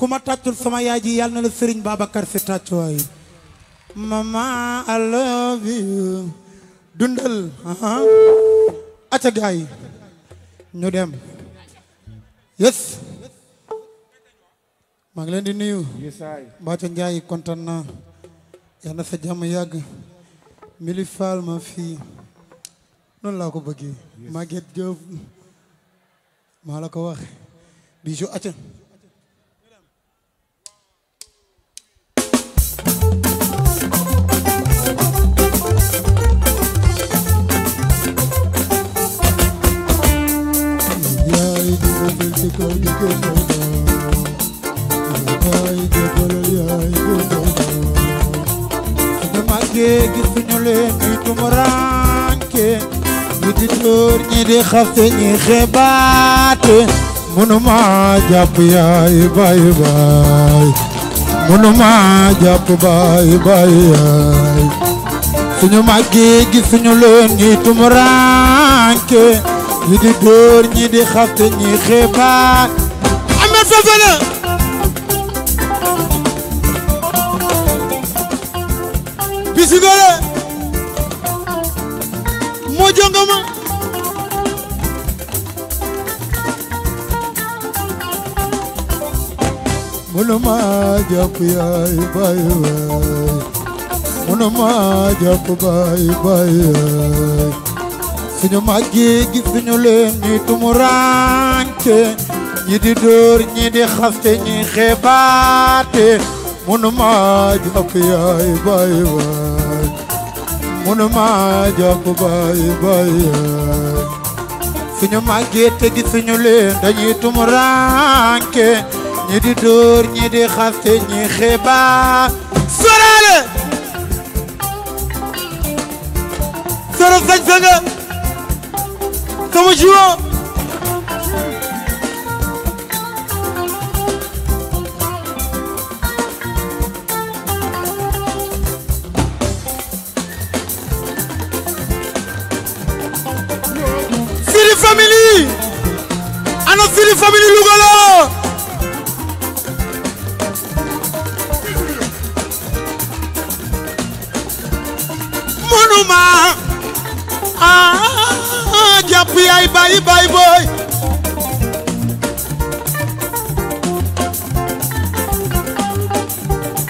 ku ma sama yaay ji yàlla na la Serigne Babacar si tàccuwaay mama I dundal acca gaay ñu dem yes maa ngi leen di nuyu mbaaco njaay kontaan naa yal na sa jàmm yàgg mili faal ma fii noonu laa ko bëggee Maguette Diop maa la ko wax bijou acca xafte ñi xebaate mënuma jàpp yaay baay baay mënuma jàpp baay baay yaay suñu màggee gi suñu leen ñi tumuranke ñi di dóor ñi di xaft ñi xeebaan Ahmed Fofana bisigole moo jongoma mënuma jàpp yaay baay waay mënuma jàpp baay baay suñu màggee gi suñu leen ñi tumuraanke ñi di dóor ñi di xaste ñi xeebaate munuma jàpp yaay baay waay munuma jàpp baay baay yaay suñu màggee te gi suñu leen dañuy tumuraanke ñi di dóor ñi di xaste ñi xeebaa sorale soro sañ sa nga Comment tu vas Fili Family Ana Fili Family Louga la bàyyi bàyyi booy.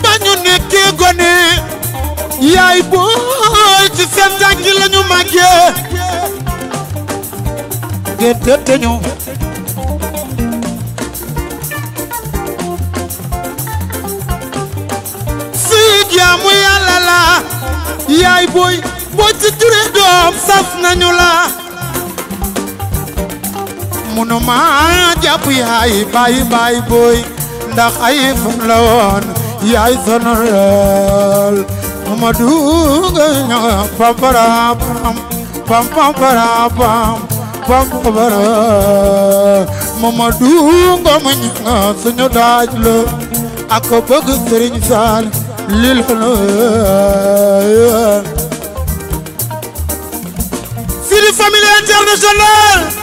ba nekkee gone. yaay booy ci seen tànki la ñu màggee. ngeen tëtte ñu. fii jaamu yàlla yaay booy boo ci juree doom nañu la. munuma jàpp yaay baay baay booy ndax ay fan la woon yaay sonal lool ma dugg ña pampara pam pam pampara pam pam pampara ma dugg ma ña suñu daaj la ak bëgg sëriñ Saal lil xel. Sidi famille internationale.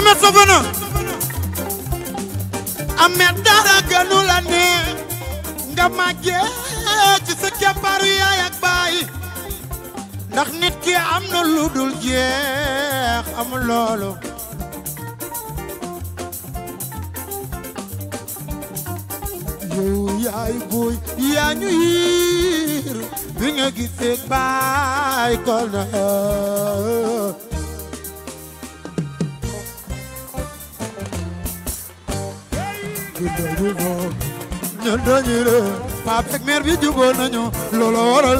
Ahmed Sofana Ahmed dara gënu la ne nga màggee ci sa keppaaru yaay ak nit ki am na lu jeex amul loolu yow yaay booy yaa ñu yiir bi nga gisee ko na kinda juboo ñun dañuy meer bi juboo nañu loolu waral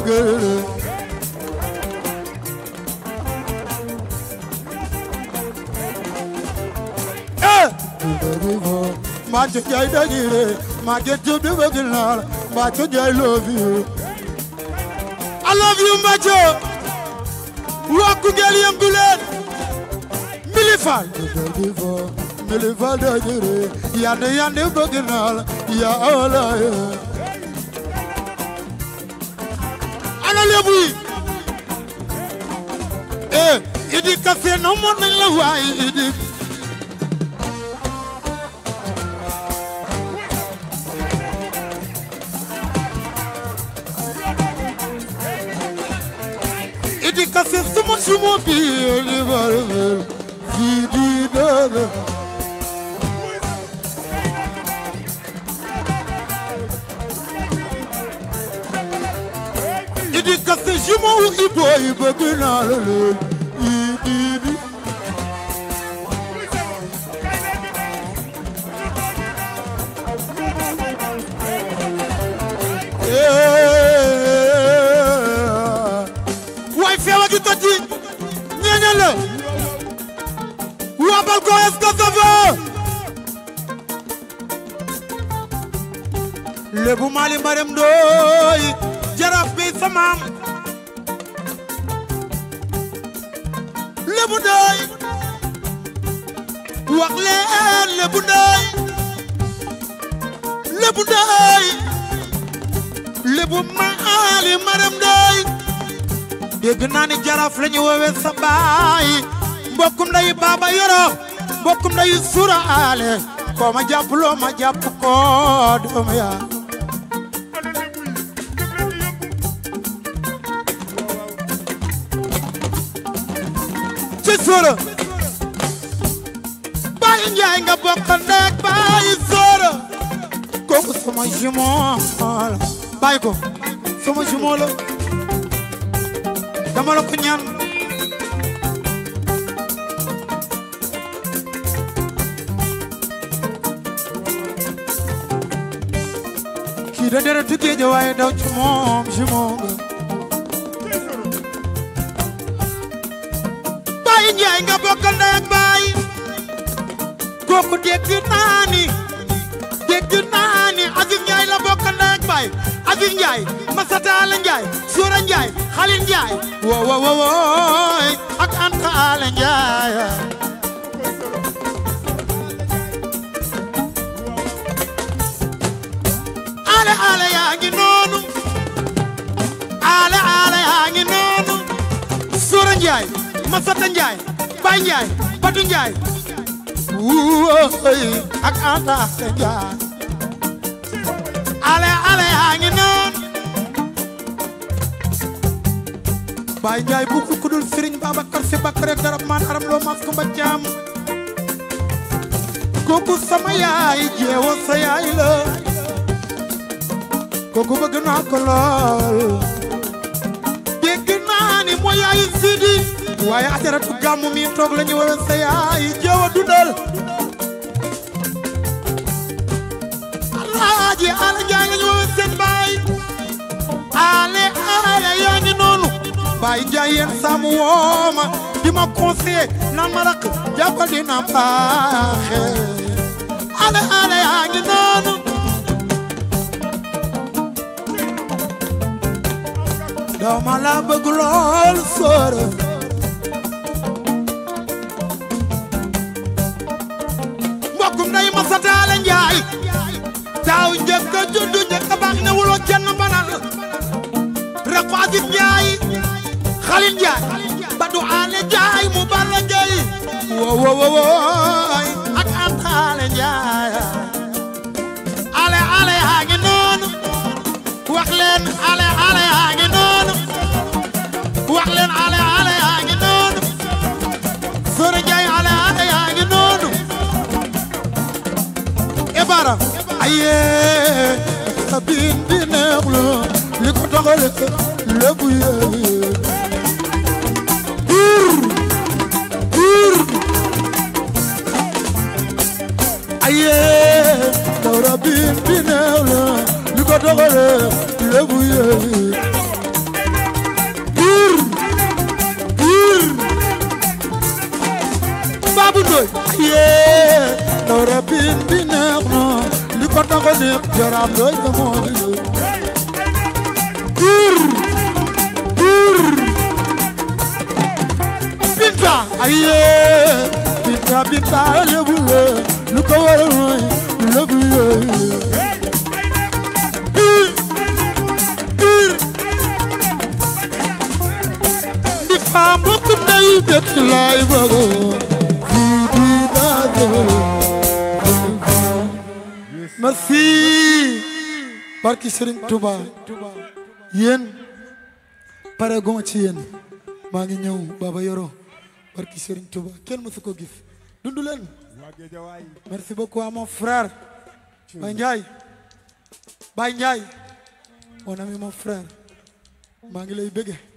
ee kinda juboo maa ci jaay dañuy ree maa ci jub di bëgg naar maa ci jaay love you I love you maa ci waa Koungheul yëngu leen mili faal kilifa dajure yande yande bëgg naa la ya Allah ana lebu yi e, eh idi kase no mo nañ la waay idi idi kase suma suma bi li bari fi di dara si ma wu Ibo yi bëgg naa la leen ibi. waay feewa gi toj ji ñeeñal la wabal ko est-ce que ça va lébu Mali Marème Ndoye wax leen Lébu Nday Lébu Nday Lébu Maali Maram Nday dégg naa ni jaraaf la ñu woowee sa baay mbokkum nday baaba yoro mbokkum nday sura ale koo ma jàpp loo ma ko doom ya ci sura njaay nga bokk ndeeg bàyyi sóora kooku sama jumoo la bàyyi ko sama jumoo la dama la ko ñaan kii da dere tukkee ja waaye daw ci moom jumoo nga bàyyi njaay nga bokk ndeeg bàyyi kooku dégg naa ni dégg naa ni Aziz Ndiaye la bokk ndey ak baay Aziz Ndiaye Masataala Ndiaye Suura Ndiaye Xalil Ndiaye woo woo woo ak Anta Ala Ndiaye ale ale yaa ngi noonu ale ale yaa ngi noonu Suura Ndiaye Masata Ndiaye Baay Ndiaye Badu Ndiaye hëy ak anta te njaay ale ale a ngi noon baay njaay bu ku dul sëriñ Babacar Si garab maan aram loo mas ko ba jaam kooku sama sa yaay la kooku bëgg ko lool dégg naa ni mooy yaayu Sidi waaye ajaratu la ñu sa yaay jeewo dundal alaaji ala njaay la seen baay ale ala yaa noonu baay njaay yéen wooma di ma conseillé naan ma rakk jàppal dina baaxe ale ala yaa ngi noonu dama bëgg lool sóora taaw njëkk a judd njëkk a baax ne wuloo kenn banal rek Adit Njaay Xalil Njaay ba du aane Njaay mu balla Njaay woo woo wooy ak antaale Njaay ale ale yaa ngi noonu wax leen ale ale yaa ngi noonu wax leen ale ale yaa ngi noonu Sore Njaay ale ale yaa ngi noonu e bara ayee sabin di neex la li ko taxale lépp yee buur buur ayee sabin di neex la li ko taxale lépp yee buur buur Babou Ndoye ayee sabin di neex la ko dogo nepp jaraaf looy ko moo di looy buur buur binta ayee binta binta lebu lee lu ko waral mooy lebu lee I'm looking at you, that's the life I go. barki Serigne Touba yéen pare gon ci yéen maa ngi ñëw Baba Yoro barki Serigne Touba kenn mësu ko gis dundu merci beaucoup à mon frère Baye Ndiaye Baye Ndiaye mon ami mon frère maa ngi lay bëgge